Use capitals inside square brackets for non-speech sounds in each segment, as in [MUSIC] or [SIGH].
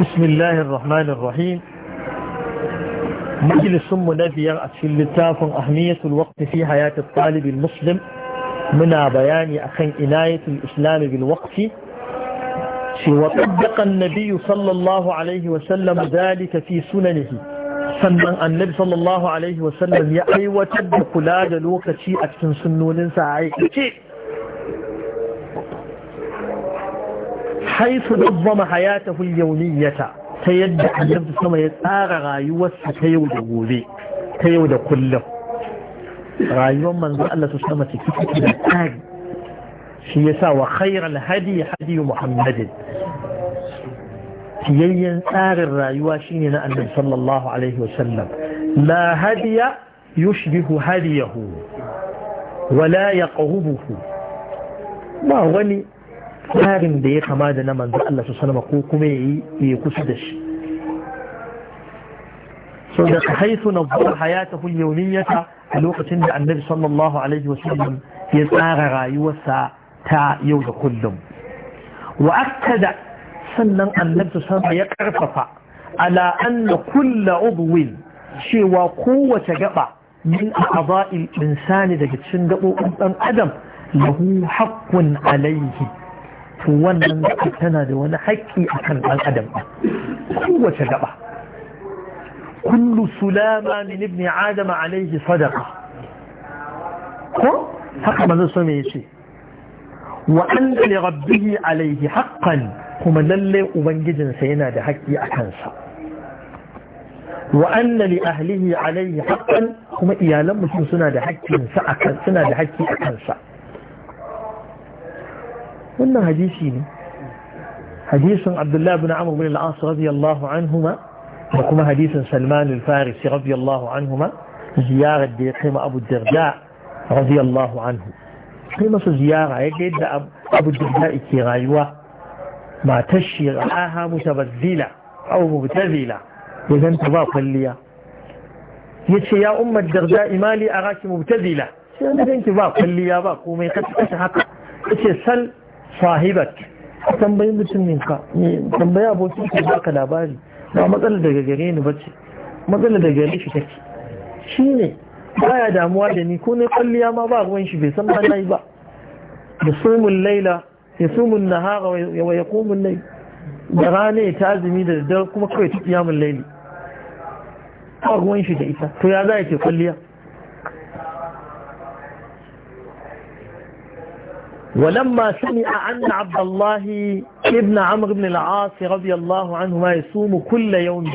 بسم الله الرحمن الرحيم مجلس يرأت في اللتاف أهمية الوقت في حياة الطالب المسلم من بيان أخي إناية الإسلام بالوقت وطبق النبي صلى الله عليه وسلم ذلك في سننه sannan annabi sallallahu alaihi wasallam ya aiwatar da kula da lokaci a سنون sunnoninsa حيث نظم حياته اليومية سيد النبي السماء يتارى رايوة سيود غوذي تيود كله رايوة من ذا الله السماء تكتك الآن شيسا وخير الهدي حدي محمد siyayyen tsarin rayuwa shine صلى الله عليه وسلم لا هدي يشبه هديه ولا wala ما هو wani tsarin da ya kama da na manzan Allah su sanama ko kuma ya yi ya kusa da shi sau da ka haifu na zuwa hayata yata a lokacin da annabi sallallahu alaihi wasallam ya tsara rayuwarsa ta yau da kullum wa aka da sannan annabi su sanama ya karfafa ala an na kulla udwin cewa kowace gaba min a a'dha'il insani daga cikin gaɓoɓin ɗan adam lahu haqqun alaihi to wannan tana da wani haƙƙi a kan ɗan adam kowace gaba kullu sulama min ibn adam alaihi sadaqa ko haka manzo so me yace wa anna li rabbih alaihi haqqan kuma lalle ubangijinsa yana da haƙƙi a kansa wa anna li ahlihi alaihi haqqan kuma iyalan mutum suna da haƙƙin sa akan suna da haƙƙi a kansa wannan hadisi ne hadisin abdullahi bin amur bin al'as radiyallahu anhuma da kuma hadisin salman al-farisi radiyallahu anhuma ziyarar da ya kai ma abu darda radiyallahu anhu kai masa ziyara ya ga yadda abu darda ke rayuwa matar shi ra'aha mutabazzila aw mubtazila ya ganta ba kwalliya ya ce ya ummar darda imali araki mubtazila sai wanda ganki ba kwalliya ba komai kasa haka ya ce sal sahibak tambayi mutumin ka tambayi abokin ka ka labari ba matsala daga gare ni ce matsala daga gare shi ne ba ya damuwa da ni ko ne kwalliya ma ba ruwan shi bai san ba yi ba sumun laila yasumun ya wa yaqumun nai, da rana ta azumi da daddare kuma kawai ta kiyamun laili ba ruwan shi da ita to ya za ya ke kwalliya ولما سمع أن عبد الله ابن عمرو بن العاص رضي الله عنه ما يصوم كل يوم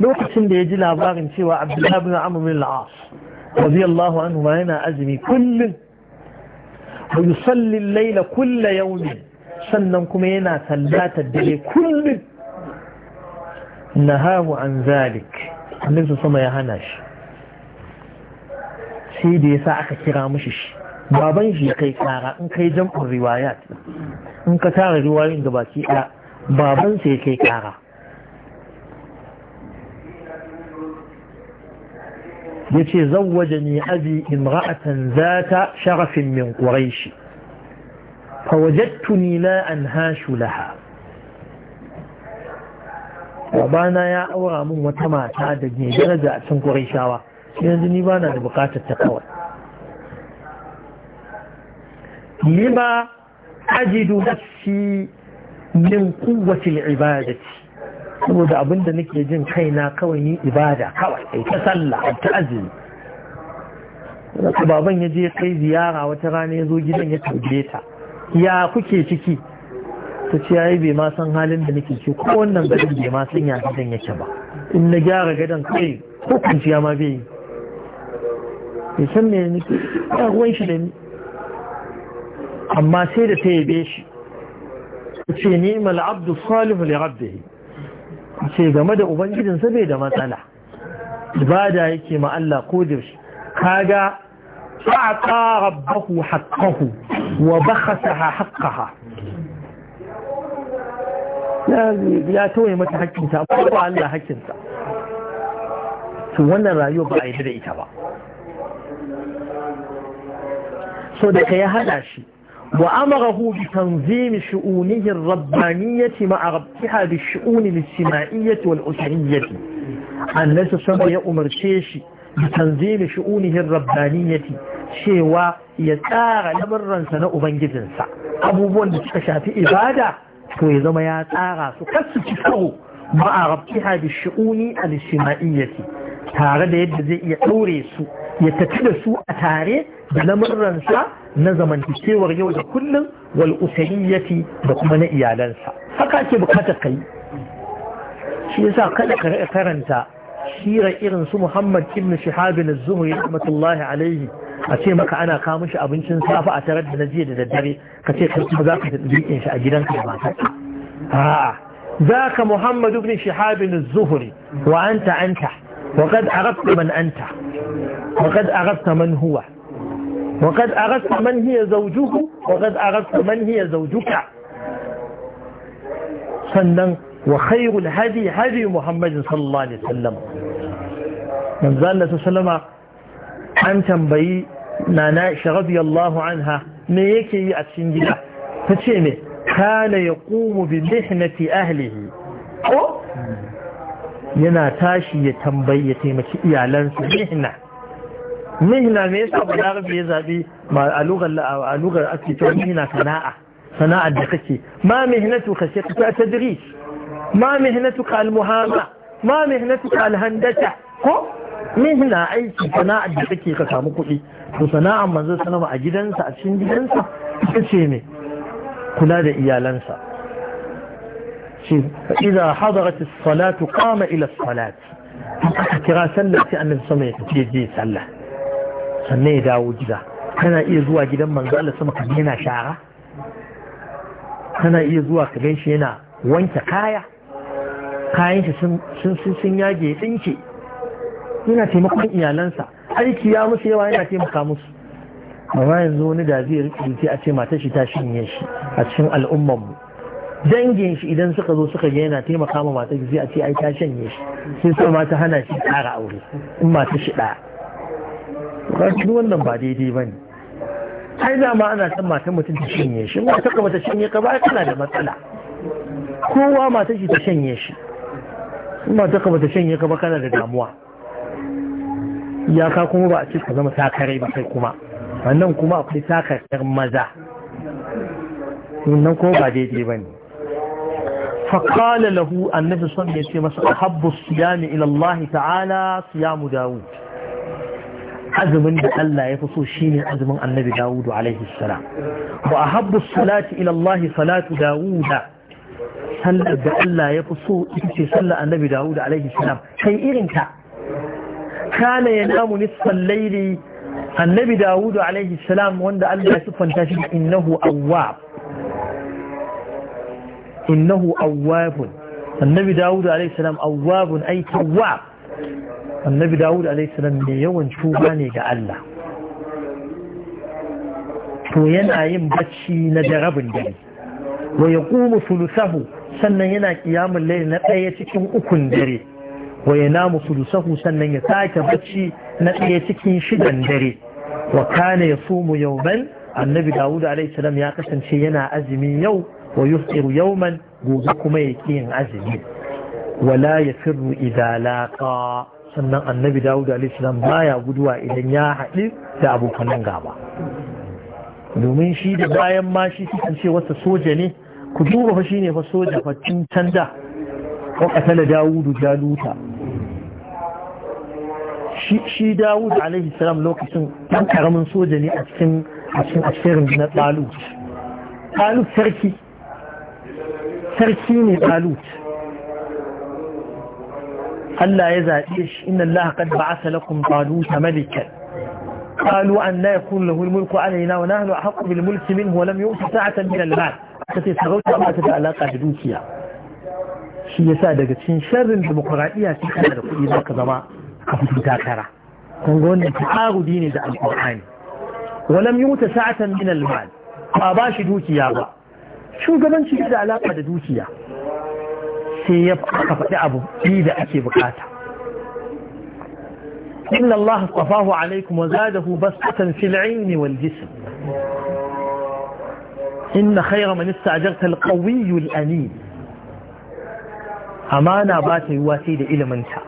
لوكسن da ya ji labarin cewa Abdullah ibn Amr ibn al-As radiyallahu anhu ma yana azumi kullun wa yusalli al-layla kull yawm sannan kuma yana sallata dare kullun nahahu an zalik annabi sama ya hana shi sai da yasa aka kira mushi shi baban shi kai tsara in kai jam'in riwayat in ka tara riwayoyin da baki ɗaya baban sai kai tsara ya ce ni ne abi imra'atan ta sharafin min ƙuraishi fawajattu la an hashu laha babana ya aura min wata mata da ne daraja a cin ƙuraishawa yanzu ni ba na da bukatar ta kawai لما أجد نفسي min قوة العبادة saboda أبن nake jin كينا kawai إبادة ibada kawai التأذن ta sallah ta azumi baban ya je kai ziyara wata rana ya zo gidan ya ta ya ciki ta ce bai ma san halin da nake ciki ko wannan gadon bai ma san ya yake ba in na gyara gadon kai ko kwanciya ma bai yi san me ni ya ruwan shi da amma sai da ta yabe shi ce nemal abdu salihu li rabbihi ce game da sa bai da matsala ibada yake ma Allah ko da shi kaga fa'ata rabbahu haqqahu wa bakhasaha haqqaha ya toye mata hakkinta ko ba Allah hakkinsa to wannan rayuwa ba a yi da ita ba so da ka ya hada shi وأمره بتنظيم شؤونه الربانية مع ربطها بالشؤون الاجتماعية والأسرية أن سمع يأمر شيش بتنظيم شؤونه الربانية شيوا يتارى لمرا سنة أبنجد أبوبون في إبادة ويزم يتارى سكس تفره مع ربطها بالشؤون الاجتماعية تارى يد زي يأوري سو يتكد سو أتاري لمرا سنة na zamantakewar yau da kullum wal usayyati da kuma na iyalansa haka ake bukatar kai shi yasa kada ka rika karanta shira irin su Muhammad ibn Shihab az-Zuhri rahmatullahi alayhi a ce maka ana kawo mishi abincin safa a tarar da jiya da daddare ka ce kai kuma zaka dinkin shi a gidanka da matarka a'a zaka Muhammad ibn Shihab az-Zuhri wa anta anta وقد عرفت من أنت وقد عرفت من هو وقد أردت من هي زوجك وقد أردت من هي زوجك سنن وخير الهدي هدي محمد صلى الله عليه وسلم من ذا الله عليه سلم أن تنبي نانائش رضي الله عنها ميكي أتشنجها فتشيني كان يقوم بمحنة أهله ينا تاشي تنبي يتيمك إعلان في mihna me yasa balarabe ya zabi a lugar a lugar ake cewa mihna sana'a sana'a da kake ma mihnatuka sai ka tadris ma mihnatuka almuhama ma mihnatuka alhandasa ko mihna aiki sana'a da kake ka samu kuɗi to sana'a manzo sanama a gidansa a cikin gidansa ita ce ne kula da iyalansa shi idza hadarat as-salatu qama ila as-salati aka kira sallah sai annabi sama ya tafi sallah sannan ya dawo gida kana iya zuwa gidan manzo Allah sama kaga yana shara kana iya zuwa ka gan yana wanke kaya kayan shi sun sun yage tsinke yana taimakon iyalansa aiki ya musu yawa yana taimaka musu amma yanzu wani da zai rikici a ce matar shi ta shinye shi a cikin al'ummar mu dangin shi idan suka zo suka ga yana taimaka ma matar shi a ce ai ta shanye shi sai su ma ta hana shi kara aure in matar shi ɗaya ƙarfi wannan ba daidai ba ne ai dama ana san matan mutum ta shanye shi ma ta kama ta shanye ka ba kana da matsala kowa mata shi ta shanye shi in ma ta kama ta shanye ka ba kana da damuwa iyaka kuma ba a ce ka zama sakare ba kai kuma wannan kuma akwai sakar maza wannan kuma ba daidai ba ne فقال له النبي صلى الله عليه وسلم حب الصيام إلى الله تعالى صيام داود azumin da Allah ya fi so shine azumin annabi Dawudu alaihi salam wa ahabbu salati ila Allah salatu Dawuda sallar da Allah ya fi so ita ce sallar annabi Dawudu alaihi salam kai irin ta kana yanamu nisfal layli annabi Dawudu alaihi salam wanda Allah ya sifanta shi innahu awwab innahu awwab annabi Dawudu alaihi salam awwab ay tawwab annabi dawud alaihissalam mai yawan tuba ne ga Allah to yana yin bacci na jarabin dare wa ya kuma sulusahu sannan yana kiyamun laili na ɗaya cikin ukun dare wa ya namu sulusahu sannan ya sake bacci na ɗaya cikin shidan dare wa kana ya sumu yauman annabi dawud alaihissalam ya kasance yana azumi yau wa yuftiru yauman gobe kuma ya yin azumi wala ya firru idza sannan annabi dawud alaihissalam baya guduwa idan ya haɗi da nan gaba domin shi da bayan ma shi sukan ce wasu soja ne ku duba fa shine fa soja fa tun can da wa qatala dawud jaluta shi shi dawud alaihi salam lokacin dan karamin soja ne a cikin a cikin asirin na Dalut. Dalut sarki sarki ne Dalut. Allah ya zaɓe shi inna Allah qad ba'atha lakum taluta malikan an anna ya lahu al-mulku alayna wa a ahqqu bil mulki min wa lam yu'ta ta min al-mal ce sarauta ba ta da alaƙa da dukiya shi yasa daga cikin sharrin demokradiya sai kana da kuɗi ka zama ka fito takara kun ga wannan ta'arudi ne da alqur'ani wa lam yu'ta ta min al-mal ba ba shi dukiya ba shugabanci da alaka da dukiya sai ya faɗi abu biyu da ake bukata inna Allah tafahu alaikum wa zadahu basatan fil ilmi wal jism inna khayra man istajarta al qawiy al amin amana ba ta yiwa sai da iliminta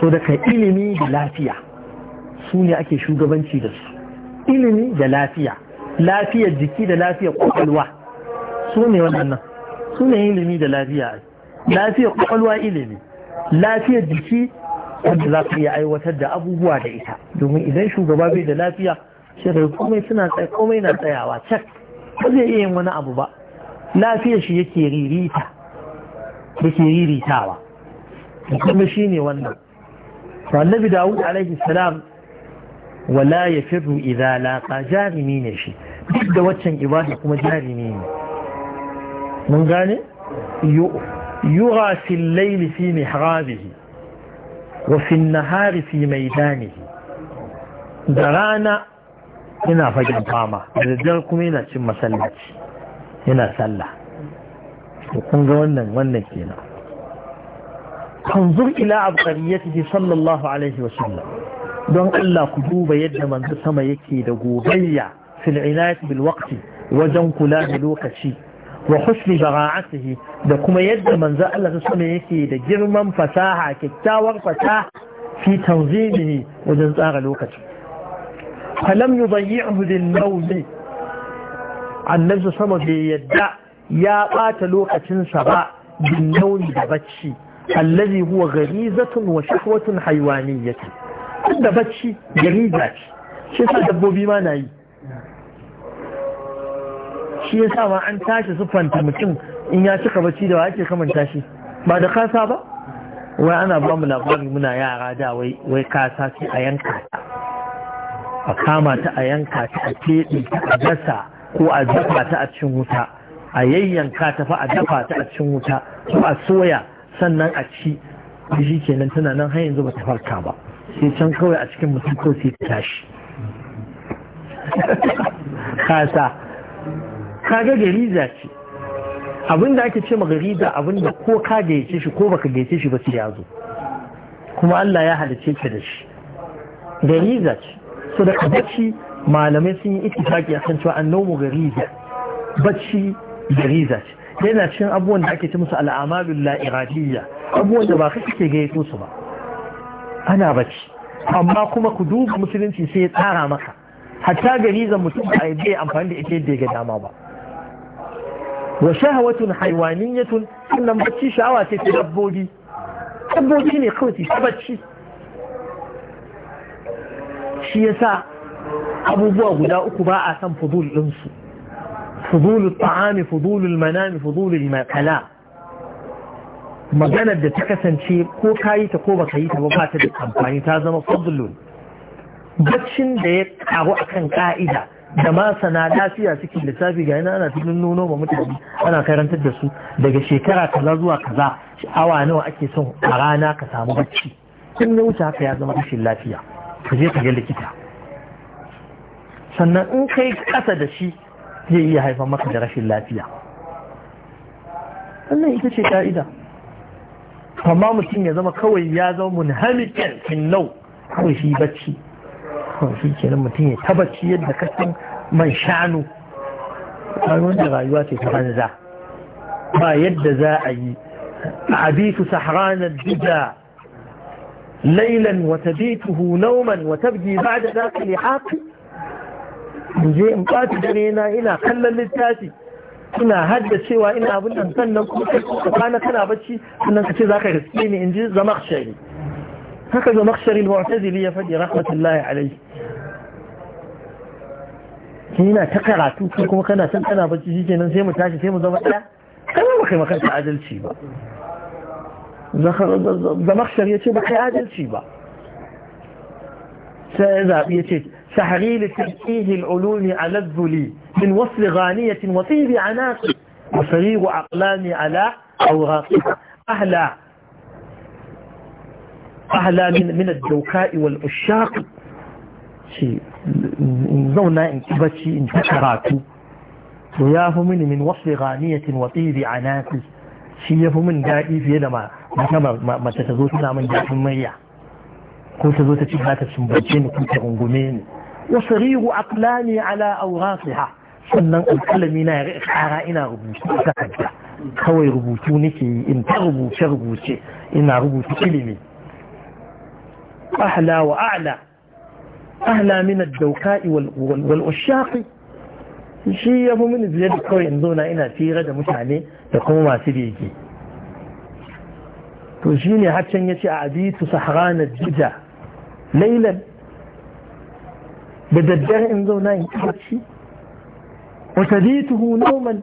so da kai ilimi da lafiya su ne ake shugabanci da su ilimi da lafiya lafiyar jiki da lafiyar kwakwalwa su ne waɗannan su ne ilimi da lafiya lafiyar kwakwalwa ilimi lafiyar jiki wanda za ka iya aiwatar da abubuwa da ita domin idan shugaba bai da lafiya shirin komai suna tsaye komai na tsayawa cak ba zai iya yin wani abu ba lafiyar shi yake ririta yake riritawa kuma shi ne wannan annabi dawud alaihi salam wala ya idza laqa jarimi ne shi duk da waccan ibada kuma jarimi ne mun gane yura fi laili fi mihrabihi wa fin nahari fi maidanihi da rana ina fagen fama da daddare kuma yana cin masallaci yana sallah to kunga wannan wannan kenan tanzur ila abqariyatihi sallallahu alaihi wa sallam don Allah ku duba yadda manzo sama yake da gobayya fil inayat bil waqti wajen kula da lokaci wa husni bara'atihi da kuma yadda manzo Allah ta sama yake da girman fasaha kyakkyawar fasaha fi tanzimihi wajen tsara lokaci falam yudayyi'hu lil mawdi annabi sama bai yadda ya bata lokacinsa ba bin nauni da bacci allazi huwa gharizatun wa shahwatun haywaniyyah da bacci gariza ce shi sa dabbobi ma na yi shi ya sama an tashi siffanta mutum in ya cika bacci da wa ake kamanta shi ba da kasa ba wai ana ba mu labari muna yara da wai kasa ce a yanka ta a kama ta a yanka ta a keɗe ta a dasa ko a dafa ta a cikin wuta a yayyanka ta fa a dafa ta a cikin wuta ko a soya sannan a ci shi kenan tana nan har yanzu bata ba sai can kawai a cikin mutum ko sai ta tashi [LAUGHS] kasa kaga za ce abinda ake ce ma gariza abinda ko ka gayyace shi ko baka gayyace shi ba sai ya zo kuma Allah ya halice ka da shi za ce so da bacci malamai sun yi ittifaki a kan cewa gari gariza bacci za ce yana cin abubuwan da ake ce musu al'amalul la'iradiyya abubuwan da ba ka kake gayyato su ba ana bacci amma kuma ku duba musulunci sai ya tsara maka hatta garizan mutum ba a yi amfani da ita yadda ya ga dama ba wa shahawatun haiwaniyatun sannan bacci sha'awa sai ta dabbobi dabbobi ne kawai ta bacci shi yasa abubuwa guda uku ba a san fudul ɗinsu fudulul ta'ami fudulul manami fudulul makala maganar da ta kasance ko kayi ta ko baka yi ta ba ta da amfani ta zama fudulun baccin da ya karu akan ka'ida da masana lafiya suke lissafi ga yana ana cikin nuno ma mutane ana karantar da su daga shekara kaza zuwa kaza awa nawa ake son a rana ka samu bacci in na wuce haka ya zama rashin lafiya ka je ka ga likita sannan in kai kasa da shi zai iya haifar maka da rashin lafiya wannan ita ce ka'ida amma mutum ya zama kawai ya zama munhamikin fin nau kawai shi bacci kawai shi kenan mutum ya tabbaci yadda kasan man shanu wanda rayuwa ce ta banza ba yadda za a yi a sahranar lailan wata hunauman wata bi ba da za ka ne ذاك in je in ɓata dare na ina kallon littafi ina hadda cewa ina abin nan sannan kuma kai kuka kana kana bacci sannan ka ce za ka riske ne in ji zama shari'a هكذا مخشر المعتزل يا فدي رحمة الله عليه كينا تقرع توتكم كنا سنتنا بجيجي ننزيم وتاجي سيم وزمعنا كما وخي ما عادل شيبا زمخشر يا شيبا كي عادل شيبا سأذا يا شيبا سحريل تلقيه العلوم على الذلي من وصل غانية وطيب عناق وفريغ أقلامي على أوراقها أهلا ahla min ad-dawka'i wal ushaq ce zauna in ki bacci in ta karatu to ya fi min wasu ghaniyatin wa tsiri a nafi shi ya fi min daɗi fiye da mace ta zo tana min daɗin ko ta zo ta ci ta sumbance ni ko ta rungume ni wasu rihu aklami ala aurasiha sannan alƙalami na ya ƙara ina rubutu ta kawai rubutu nake yi in ta rubuce rubuce ina rubutu ilimi أهلا وأعلى أهلا من الدوكاء والعشاق شيء من الزيادة كوي انظونا إنا في غدا مشعني يقوم ما سبيكي تجيني حتى يتي عبيت صحران الججة ليلا بددر انظونا انتبتي وتديته نوما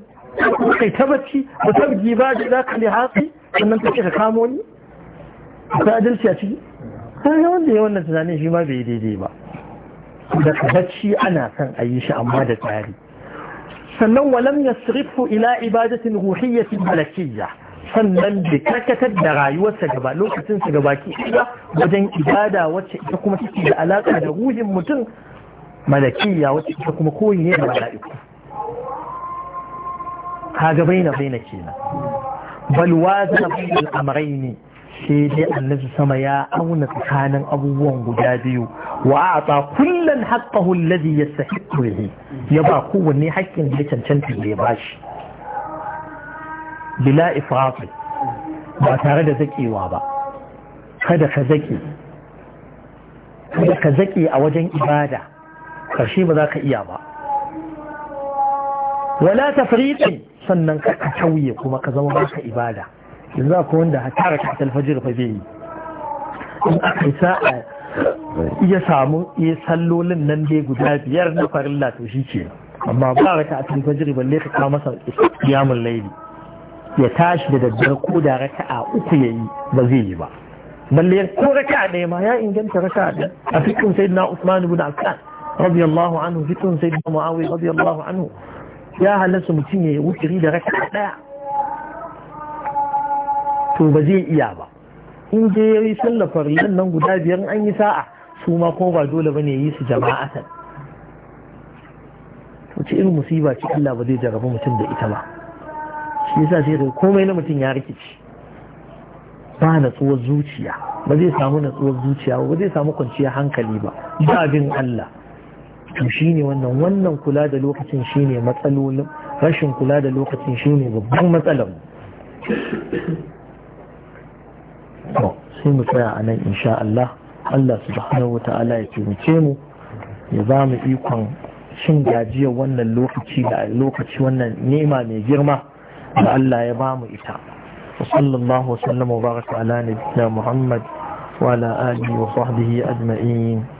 وقتبتي وتبدي بعد ذاك لحاقي أن انت كيف كاموني فأدلت يتي yi wanda ya wannan tunanin shi ma bai daidai ba da bacci ana son a yi shi amma da tsari sannan walam sirifu ila ibadatin ruhiyyatin malakiyya sannan bai karkatar da rayuwarsa gaba lokacinsa gaba ki wajen ibada wacce ita kuma take da alaka da ruhin mutum malakiyya wacce ita kuma koyi ne da mala'iku na baina baina kenan bal wazana bainal ne sai dai annabi sama ya auna tsakanin abubuwan guda biyu wa ata kullan haqqahu alladhi yastahiqu bihi ya ba kowanne haƙƙin da cancanta da ya bashi bila ifrat ba tare da zakewa ba kada ka zake kada ka zake a wajen ibada karshe ba za ka iya ba wala tafriqin sannan ka tauye kuma ka zama baka ibada يزاكو عندها تارك حتى الفجر فيه إساءة يسامو يسلو لن ننبي قدائب يرن فر الله توشيكي أما بارك حتى الفجر بالليخ قامسا قيام الليل يتاش بدا درقو دا ركعة أقيي بزيبا بالليل كو ركعة ديما يا إن جمت ركعة أفكم سيدنا عثمان بن عفان رضي الله عنه فكم سيدنا معاوي رضي الله عنه يا هل لسو متيني وكري دا ركعة to ba zai iya ba in je ya yi sallar nan guda biyar an yi sa'a su ma ko ba dole bane yi su san wace irin musiba ce Allah ba zai jarabi mutum da ita ba shi yasa sai da komai na mutum ya rikici ba natsuwar zuciya ba zai samu natsuwar zuciya ba zai samu kwanciyar hankali ba ba bin Allah to shine wannan wannan kula da lokacin shine matsalolin rashin kula da lokacin shine babban matsalar sai mu tsaya a nan insha Allah Allah subhanahu wata'ala ya taimake mu ya ba mu ikon shin gajiyar wannan lokaci da lokaci wannan nema mai girma da Allah ya ba mu ita wa sallallahu wa wa baraka ala nabiyina Muhammad wa ala alihi wa sahbihi ajma'in